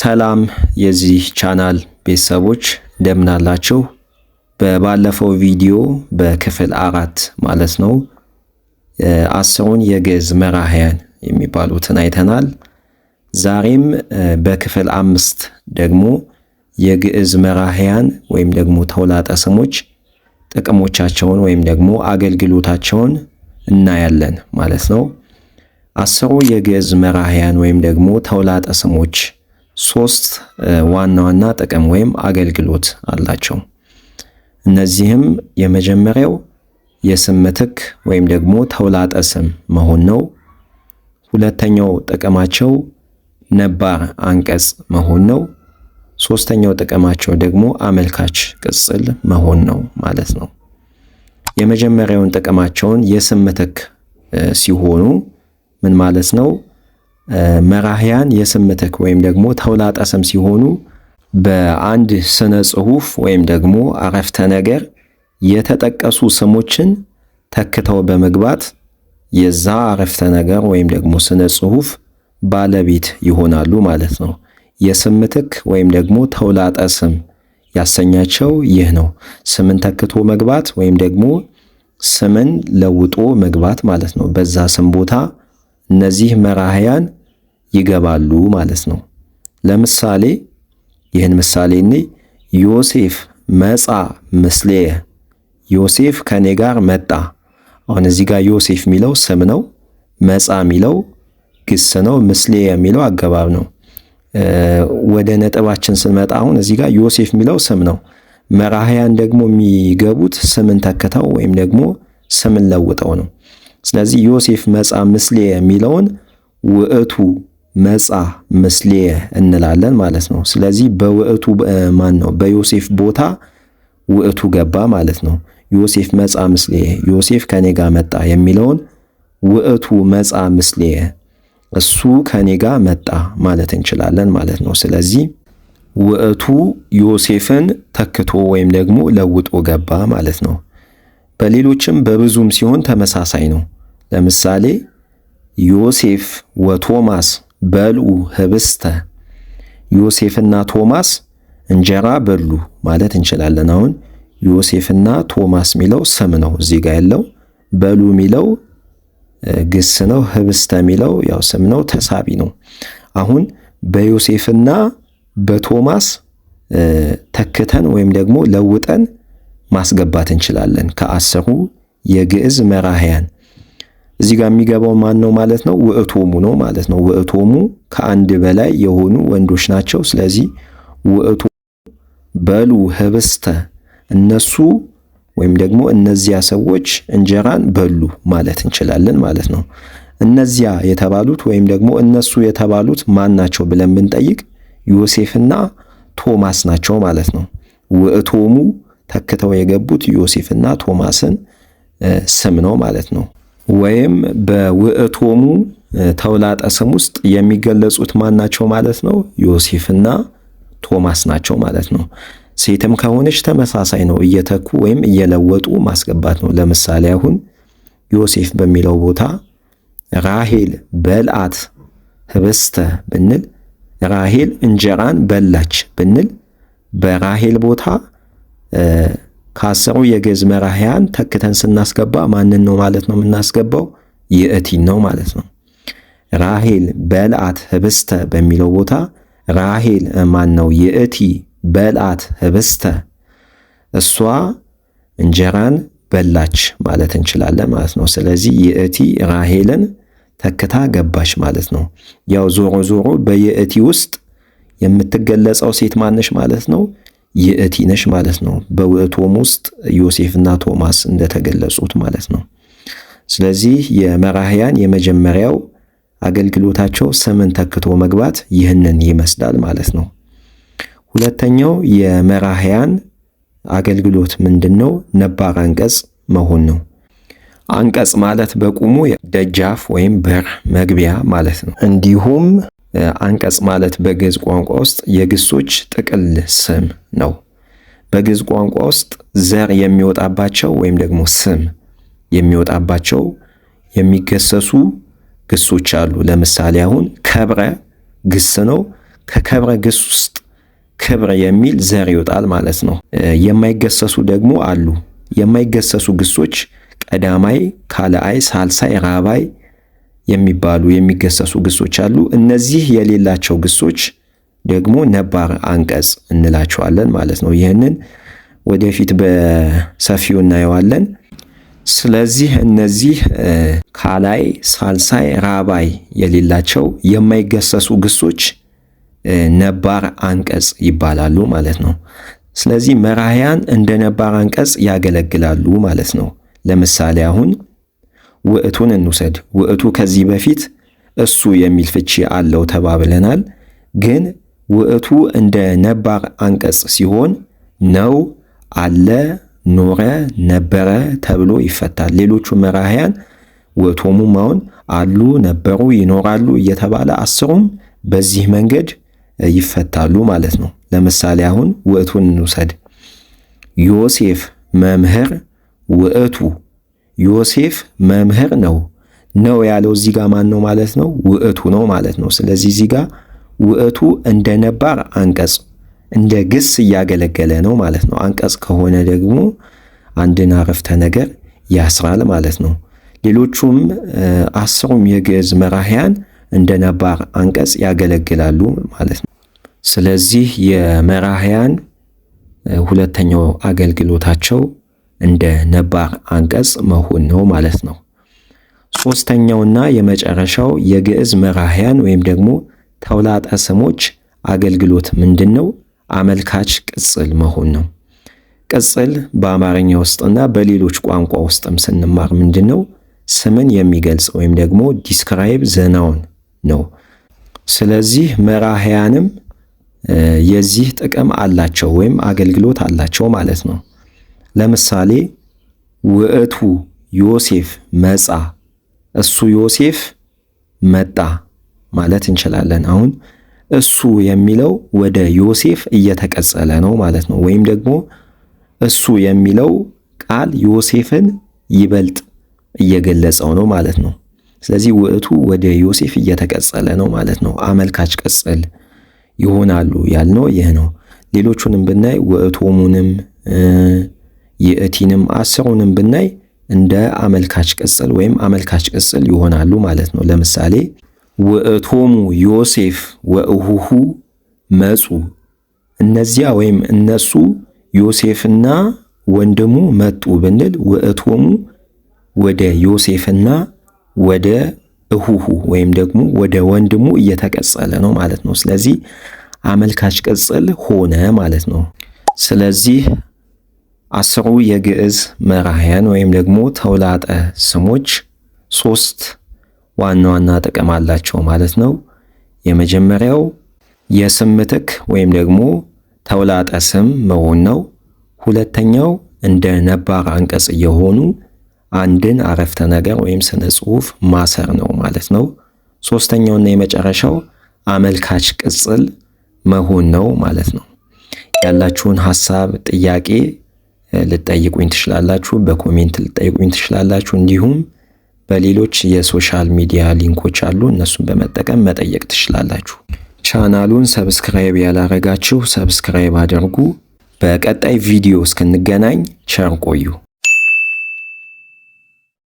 ሰላም የዚህ ቻናል ቤተሰቦች እንደምን አላችሁ? በባለፈው ቪዲዮ በክፍል አራት ማለት ነው አስሩን የግዕዝ መራሕያን የሚባሉትን አይተናል። ዛሬም በክፍል አምስት ደግሞ የግዕዝ መራሕያን ወይም ደግሞ ተውላጠ ስሞች ጥቅሞቻቸውን ወይም ደግሞ አገልግሎታቸውን እናያለን ማለት ነው። አስሩ የግዕዝ መራሕያን ወይም ደግሞ ተውላጠ ስሞች ሶስት ዋና ዋና ጥቅም ወይም አገልግሎት አላቸው። እነዚህም የመጀመሪያው የስም ምትክ ወይም ደግሞ ተውላጠ ስም መሆን ነው። ሁለተኛው ጥቅማቸው ነባር አንቀጽ መሆን ነው። ሶስተኛው ጥቅማቸው ደግሞ አመልካች ቅጽል መሆን ነው ማለት ነው። የመጀመሪያውን ጥቅማቸውን የስም ምትክ ሲሆኑ ምን ማለት ነው? መራህያን የስም ምትክ ወይም ደግሞ ተውላጠ ስም ሲሆኑ በአንድ ስነ ጽሑፍ ወይም ደግሞ አረፍተ ነገር የተጠቀሱ ስሞችን ተክተው በመግባት የዛ አረፍተ ነገር ወይም ደግሞ ስነ ጽሑፍ ባለቤት ይሆናሉ ማለት ነው። የስም ምትክ ወይም ደግሞ ተውላጠ ስም ያሰኛቸው ይህ ነው። ስምን ተክቶ መግባት ወይም ደግሞ ስምን ለውጦ መግባት ማለት ነው። በዛ ስም ቦታ እነዚህ መራህያን ይገባሉ ማለት ነው። ለምሳሌ ይህን ምሳሌ እኔ ዮሴፍ መጻ ምስሌየ፣ ዮሴፍ ከኔ ጋር መጣ። አሁን እዚህ ጋር ዮሴፍ የሚለው ስም ነው። መጻ የሚለው ግስ ነው። ምስሌየ የሚለው አገባብ ነው። ወደ ነጥባችን ስንመጣ አሁን እዚህ ጋር ዮሴፍ የሚለው ስም ነው። መራህያን ደግሞ የሚገቡት ስምን ተክተው ወይም ደግሞ ስምን ለውጠው ነው። ስለዚህ ዮሴፍ መጻ ምስሌ የሚለውን ውእቱ መጻ ምስሌ እንላለን ማለት ነው። ስለዚህ በውእቱ ማን ነው? በዮሴፍ ቦታ ውእቱ ገባ ማለት ነው። ዮሴፍ መጻ ምስሌ፣ ዮሴፍ ከኔ ጋር መጣ የሚለውን ውእቱ መጻ ምስሌ፣ እሱ ከኔ ጋር መጣ ማለት እንችላለን ማለት ነው። ስለዚህ ውእቱ ዮሴፍን ተክቶ ወይም ደግሞ ለውጦ ገባ ማለት ነው። በሌሎችም በብዙም ሲሆን ተመሳሳይ ነው። ለምሳሌ ዮሴፍ ወቶማስ በልዑ ህብስተ፣ ዮሴፍና ቶማስ እንጀራ በሉ ማለት እንችላለን። አሁን ዮሴፍና ቶማስ የሚለው ስም ነው እዚህ ጋር ያለው። በሉ የሚለው ግስ ነው። ህብስተ ሚለው ያው ስም ነው፣ ተሳቢ ነው። አሁን በዮሴፍና በቶማስ ተክተን ወይም ደግሞ ለውጠን ማስገባት እንችላለን ከአስሩ የግዕዝ መራህያን እዚህ ጋር የሚገባው ማን ነው ማለት ነው? ውእቶሙ ነው ማለት ነው። ውእቶሙ ከአንድ በላይ የሆኑ ወንዶች ናቸው። ስለዚህ ውእቶ በሉ ህብስተ እነሱ ወይም ደግሞ እነዚያ ሰዎች እንጀራን በሉ ማለት እንችላለን ማለት ነው። እነዚያ የተባሉት ወይም ደግሞ እነሱ የተባሉት ማን ናቸው ብለን ብንጠይቅ ዮሴፍና ቶማስ ናቸው ማለት ነው። ውእቶሙ ተክተው የገቡት ዮሴፍና ቶማስን ስም ነው ማለት ነው። ወይም በውእቶሙ ተውላጠ ስም ውስጥ የሚገለጹት ማን ናቸው ማለት ነው? ዮሴፍና ቶማስ ናቸው ማለት ነው። ሴትም ከሆነች ተመሳሳይ ነው። እየተኩ ወይም እየለወጡ ማስገባት ነው። ለምሳሌ አሁን ዮሴፍ በሚለው ቦታ ራሄል በልአት ህብስተ ብንል፣ ራሄል እንጀራን በላች ብንል በራሄል ቦታ ከአስሩ የግዕዝ መራሕያን ተክተን ስናስገባ ማንን ነው ማለት ነው የምናስገባው? ይእቲን ነው ማለት ነው። ራሄል በልአት ህብስተ በሚለው ቦታ ራሄል ማን ነው? ይእቲ በልአት ህብስተ፣ እሷ እንጀራን በላች ማለት እንችላለን ማለት ነው። ስለዚህ ይእቲ ራሄልን ተክታ ገባች ማለት ነው። ያው ዞሮ ዞሮ በይእቲ ውስጥ የምትገለጸው ሴት ማነሽ ማለት ነው ይእቲ ነሽ ማለት ነው። በውእቶም ውስጥ ዮሴፍና ቶማስ እንደተገለጹት ማለት ነው። ስለዚህ የመራህያን የመጀመሪያው አገልግሎታቸው ስምን ተክቶ መግባት ይህንን ይመስላል ማለት ነው። ሁለተኛው የመራህያን አገልግሎት ምንድን ነው? ነባር አንቀጽ መሆን ነው። አንቀጽ ማለት በቁሙ ደጃፍ ወይም በር መግቢያ ማለት ነው። እንዲሁም አንቀጽ ማለት በግዕዝ ቋንቋ ውስጥ የግሶች ጥቅል ስም ነው። በግዕዝ ቋንቋ ውስጥ ዘር የሚወጣባቸው ወይም ደግሞ ስም የሚወጣባቸው የሚገሰሱ ግሶች አሉ። ለምሳሌ አሁን ከብረ ግስ ነው። ከከብረ ግስ ውስጥ ክብር የሚል ዘር ይወጣል ማለት ነው። የማይገሰሱ ደግሞ አሉ። የማይገሰሱ ግሶች ቀዳማይ፣ ካልአይ፣ ሳልሳይ፣ ራባይ የሚባሉ የሚገሰሱ ግሶች አሉ። እነዚህ የሌላቸው ግሶች ደግሞ ነባር አንቀጽ እንላቸዋለን ማለት ነው። ይህንን ወደፊት በሰፊው እናየዋለን። ስለዚህ እነዚህ ካላይ፣ ሳልሳይ፣ ራባይ የሌላቸው የማይገሰሱ ግሶች ነባር አንቀጽ ይባላሉ ማለት ነው። ስለዚህ መራህያን እንደ ነባር አንቀጽ ያገለግላሉ ማለት ነው። ለምሳሌ አሁን ውዕቱን እንውሰድ። ውዕቱ ከዚህ በፊት እሱ የሚል ፍቺ አለው ተባብለናል። ግን ውዕቱ እንደ ነባር አንቀጽ ሲሆን ነው፣ አለ፣ ኖረ፣ ነበረ ተብሎ ይፈታል። ሌሎቹ መራህያን ውዕቶሙ ማውን አሉ፣ ነበሩ፣ ይኖራሉ እየተባለ አስሩም በዚህ መንገድ ይፈታሉ ማለት ነው። ለምሳሌ አሁን ውዕቱን እንውሰድ። ዮሴፍ መምህር ውዕቱ ዮሴፍ መምህር ነው። ነው ያለው እዚህ ጋር ማን ነው ማለት ነው? ውዕቱ ነው ማለት ነው። ስለዚህ እዚህ ጋር ውዕቱ እንደ ነባር አንቀጽ እንደ ግስ እያገለገለ ነው ማለት ነው። አንቀጽ ከሆነ ደግሞ አንድን አረፍተ ነገር ያስራል ማለት ነው። ሌሎቹም አስሩም የግዕዝ መራሕያን እንደ ነባር አንቀጽ ያገለግላሉ ማለት ነው። ስለዚህ የመራሕያን ሁለተኛው አገልግሎታቸው እንደ ነባር አንቀጽ መሆን ነው ማለት ነው። ሶስተኛውና የመጨረሻው የግዕዝ መራህያን ወይም ደግሞ ተውላጠ ስሞች አገልግሎት ምንድን ነው? አመልካች ቅጽል መሆን ነው። ቅጽል በአማርኛ ውስጥና በሌሎች ቋንቋ ውስጥም ስንማር ምንድን ነው? ስምን የሚገልጽ ወይም ደግሞ ዲስክራይብ ዘናውን ነው። ስለዚህ መራህያንም የዚህ ጥቅም አላቸው ወይም አገልግሎት አላቸው ማለት ነው። ለምሳሌ ውእቱ ዮሴፍ መጻ፣ እሱ ዮሴፍ መጣ ማለት እንችላለን። አሁን እሱ የሚለው ወደ ዮሴፍ እየተቀጸለ ነው ማለት ነው። ወይም ደግሞ እሱ የሚለው ቃል ዮሴፍን ይበልጥ እየገለጸው ነው ማለት ነው። ስለዚህ ውእቱ ወደ ዮሴፍ እየተቀጸለ ነው ማለት ነው። አመልካች ቅጽል ይሆናሉ ያልነው ይህ ነው። ሌሎቹንም ብናይ ውእቶሙንም ይእቲንም አስሩንም ብናይ እንደ አመልካች ቅጽል ወይም አመልካች ቅጽል ይሆናሉ ማለት ነው። ለምሳሌ ወእቶሙ ዮሴፍ ወእሁሁ መጹ፣ እነዚያ ወይም እነሱ ዮሴፍና ወንድሙ መጡ ብንል ወእቶሙ ወደ ዮሴፍና ወደ እሁሁ ወይም ደግሞ ወደ ወንድሙ እየተቀጸለ ነው ማለት ነው። ስለዚህ አመልካች ቅጽል ሆነ ማለት ነው። ስለዚህ አስሩ የግዕዝ መራሕያን ወይም ደግሞ ተውላጠ ስሞች ሶስት ዋና ዋና ጥቅም አላቸው ማለት ነው። የመጀመሪያው የስም ምትክ ወይም ደግሞ ተውላጠ ስም መሆን ነው። ሁለተኛው እንደ ነባር አንቀጽ እየሆኑ አንድን አረፍተ ነገር ወይም ስነ ጽሑፍ ማሰር ነው ማለት ነው። ሶስተኛውና የመጨረሻው አመልካች ቅጽል መሆን ነው ማለት ነው። ያላችሁን ሐሳብ ጥያቄ ልጠይቁኝ ትችላላችሁ፣ በኮሜንት ልጠይቁኝ ትችላላችሁ። እንዲሁም በሌሎች የሶሻል ሚዲያ ሊንኮች አሉ፣ እነሱን በመጠቀም መጠየቅ ትችላላችሁ። ቻናሉን ሰብስክራይብ ያላረጋችሁ ሰብስክራይብ አድርጉ። በቀጣይ ቪዲዮ እስክንገናኝ ቸር ቆዩ።